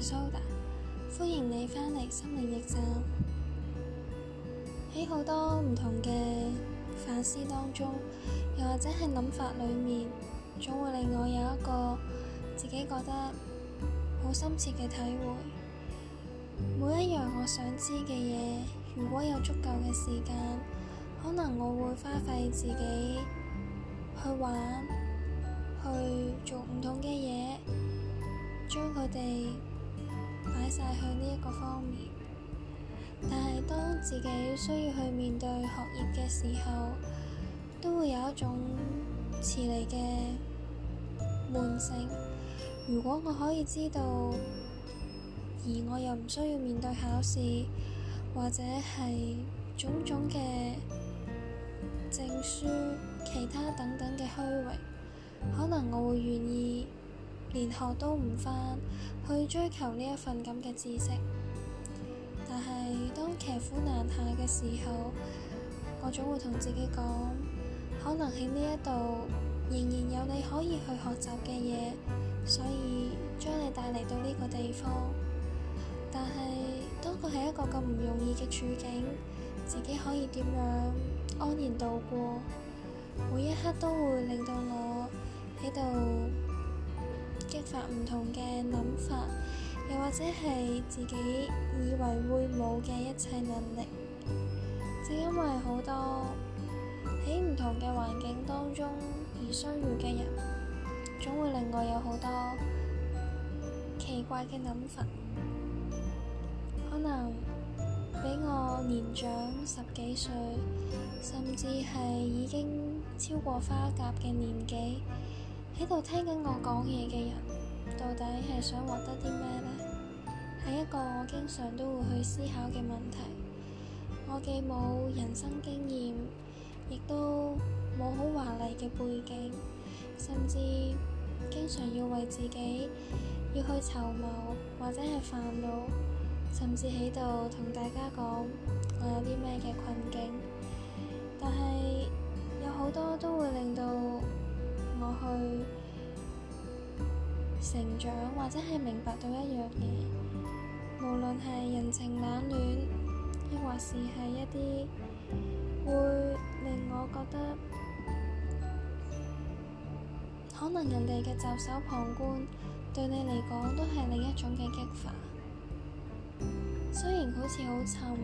蘇打，歡迎你翻嚟心靈驛站。喺好多唔同嘅反思當中，又或者係諗法裏面，總會令我有一個自己覺得好深切嘅體會。每一樣我想知嘅嘢，如果有足夠嘅時間，可能我會花費自己去玩，去做唔同嘅嘢，將佢哋。擺晒去呢一個方面，但係當自己需要去面對學業嘅時候，都會有一種遲嚟嘅悶性。如果我可以知道，而我又唔需要面對考試或者係種種嘅證書、其他等等嘅虛榮，可能我會願意。連學都唔返，去追求呢一份咁嘅知識，但係當騎虎難下嘅時候，我總會同自己講，可能喺呢一度仍然有你可以去學習嘅嘢，所以將你帶嚟到呢個地方。但係當佢係一個咁唔容易嘅處境，自己可以點樣安然度過？每一刻都會令到我喺度。激發唔同嘅諗法，又或者係自己以為會冇嘅一切能力。正因為好多喺唔同嘅環境當中而相遇嘅人，總會令我有好多奇怪嘅諗法。可能比我年長十幾歲，甚至係已經超過花甲嘅年紀。喺度聽緊我講嘢嘅人，到底係想獲得啲咩呢？係一個我經常都會去思考嘅問題。我既冇人生經驗，亦都冇好華麗嘅背景，甚至經常要為自己要去籌謀，或者係煩惱，甚至喺度同大家講我有啲咩嘅困境。但係有好多都會令到。我去成長，或者係明白到一樣嘢，無論係人情冷暖，亦或是係一啲會令我覺得，可能人哋嘅袖手旁觀對你嚟講都係另一種嘅激發。雖然好似好沉，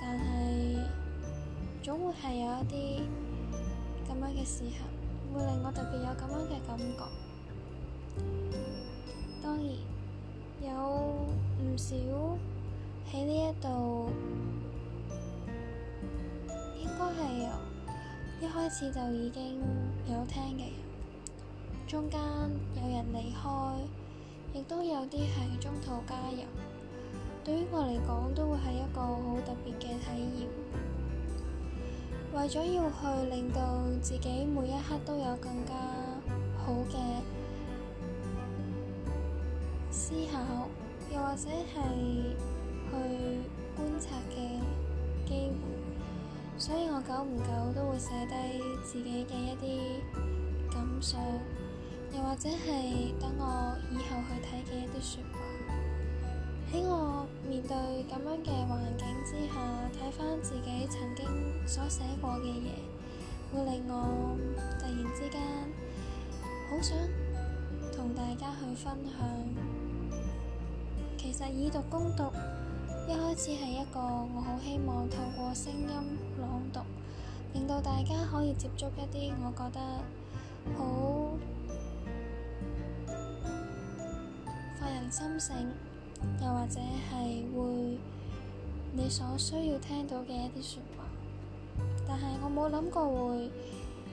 但係總會係有一啲咁樣嘅時候。會令我特別有咁樣嘅感覺。當然有唔少喺呢一度，應該係一開始就已經有聽嘅人，中間有人離開，亦都有啲係中途加入。對於我嚟講，都會係一個為咗要去令到自己每一刻都有更加好嘅思考，又或者係去觀察嘅機會，所以我久唔久都會寫低自己嘅一啲感想，又或者係等我以後去睇嘅一啲說話。喺我面對咁樣嘅環境之下，睇翻自己曾經所寫過嘅嘢，會令我突然之間好想同大家去分享。其實以讀攻獨，一開始係一個我好希望透過聲音朗讀，令到大家可以接觸一啲我覺得好發人深省。又或者係會你所需要聽到嘅一啲說話，但係我冇諗過會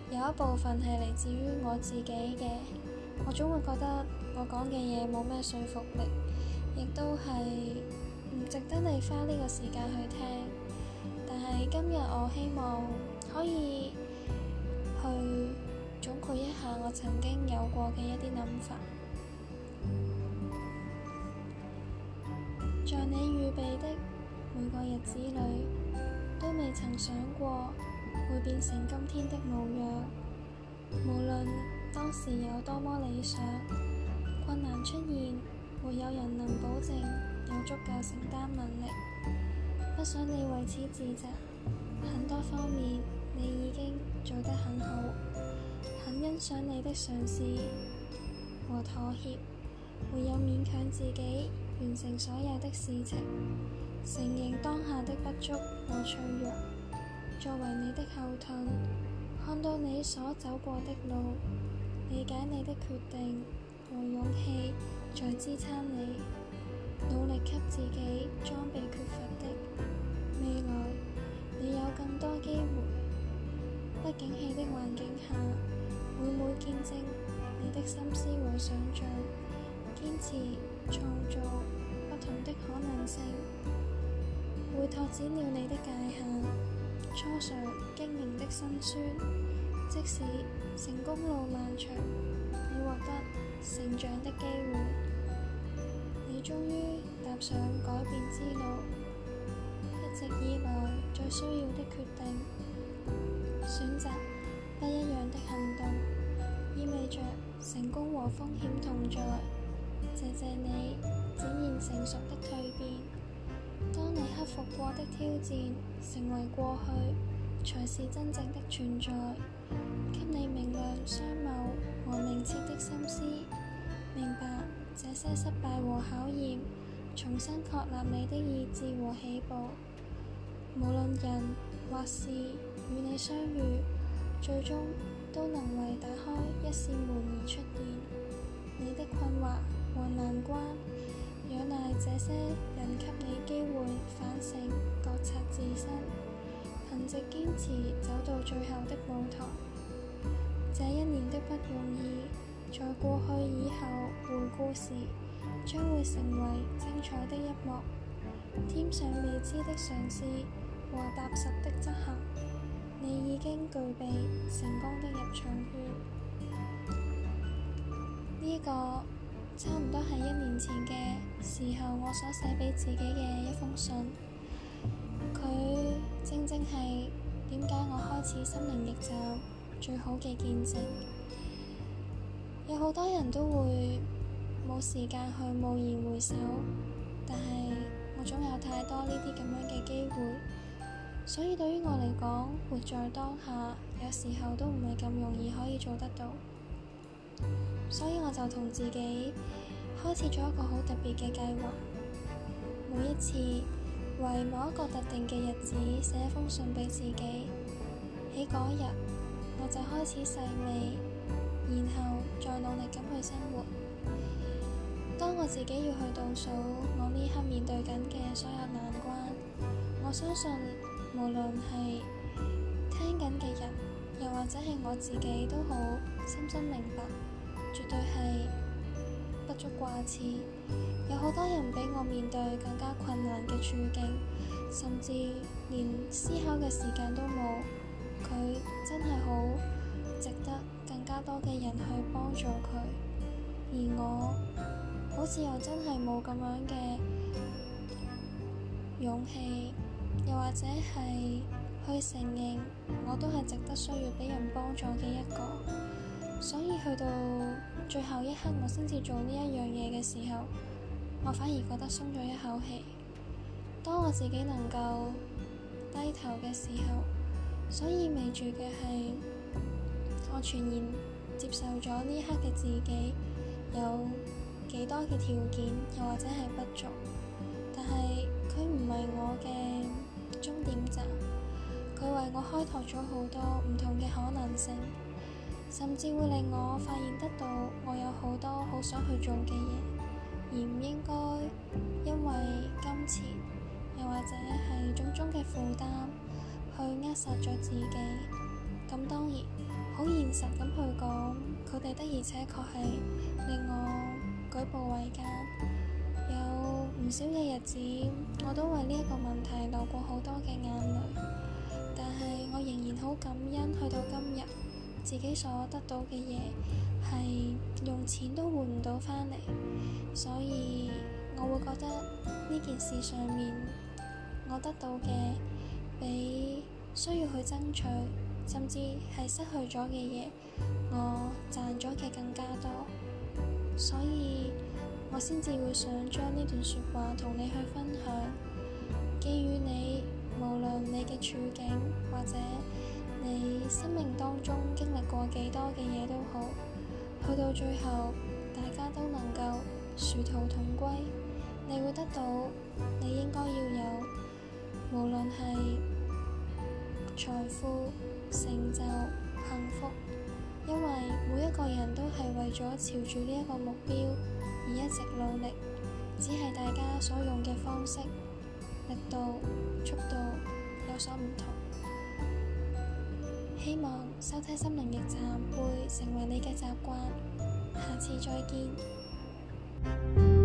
有一部分係嚟自於我自己嘅，我總會覺得我講嘅嘢冇咩說服力，亦都係唔值得你花呢個時間去聽。但係今日我希望可以去總括一下我曾經有過嘅一啲諗法。在你預備的每個日子裏，都未曾想過會變成今天的模樣。無論當時有多麼理想，困難出現，沒有人能保證有足夠承擔能力。不想你為此自責，很多方面你已經做得很好，很欣賞你的嘗試和妥協，沒有勉強自己。完成所有的事情，承認當下的不足和脆弱，作為你的後盾，看到你所走過的路，理解你的決定和勇氣，再支撐你，努力給自己裝備缺乏的未來，你有更多機會。不景氣的環境下，每每見證你的心思和想像。堅持創造不同的可能性，會拓展了你的界限。初嘗經營的辛酸，即使成功路漫長，你獲得成長的機會。你終於踏上改變之路，一直以來最需要的決定、選擇不一樣的行動，意味着成功和風險同在。謝謝你展現成熟的蛻變。當你克服過的挑戰成為過去，才是真正的存在，給你明亮雙眸和明澈的心思，明白這些失敗和考驗，重新確立你的意誌和起步。無論人或事與你相遇，最終都能為打開一扇門而出現。難關，仰賴這些人給你機會反省、覺察自身，憑着堅持走到最後的舞台。這一年的不容易，在過去以後回顧時，將會成為精彩的一幕。添上未知的嘗試和踏實的執行，你已經具備成功的入場券。呢、這個。差唔多係一年前嘅時候，我所寫畀自己嘅一封信，佢正正係點解我開始心靈驛站最好嘅見證。有好多人都會冇時間去驀然回首，但係我總有太多呢啲咁樣嘅機會，所以對於我嚟講，活在當下，有時候都唔係咁容易可以做得到。所以我就同自己開始咗一個好特別嘅計劃，每一次為某一個特定嘅日子寫一封信俾自己，喺嗰日我就開始細味，然後再努力咁去生活。當我自己要去倒數我呢刻面對緊嘅所有難關，我相信無論係聽緊嘅人。又或者係我自己都好深深明白，絕對係不足掛齒。有好多人比我面對更加困難嘅處境，甚至連思考嘅時間都冇。佢真係好值得更加多嘅人去幫助佢，而我好似又真係冇咁樣嘅勇氣，又或者係。佢承認，我都係值得需要俾人幫助嘅一個，所以去到最後一刻，我先至做呢一樣嘢嘅時候，我反而覺得鬆咗一口氣。當我自己能夠低頭嘅時候，所意味住嘅係我全然接受咗呢刻嘅自己有幾多嘅條件，又或者係不足，但係佢唔係我嘅終點站。令我開拓咗好多唔同嘅可能性，甚至會令我發現得到我有好多好想去做嘅嘢，而唔應該因為金錢，又或者係種種嘅負擔去扼殺咗自己。咁當然，好現實咁去講，佢哋的而且確係令我舉步維艱。有唔少嘅日子，我都為呢一個問題流過好多嘅眼淚。我仍然好感恩，去到今日自己所得到嘅嘢，係用錢都換唔到返嚟，所以我會覺得呢件事上面我得到嘅比需要去爭取，甚至係失去咗嘅嘢，我賺咗嘅更加多，所以我先至會想將呢段說話同你去分享，寄予你。無論你嘅處境，或者你生命當中經歷過幾多嘅嘢都好，去到最後，大家都能夠殊途同歸，你會得到你應該要有，無論係財富、成就、幸福，因為每一個人都係為咗朝住呢一個目標而一直努力，只係大家所用嘅方式，力度、速度有所唔同，希望收聽心靈驛站會成為你嘅習慣，下次再見。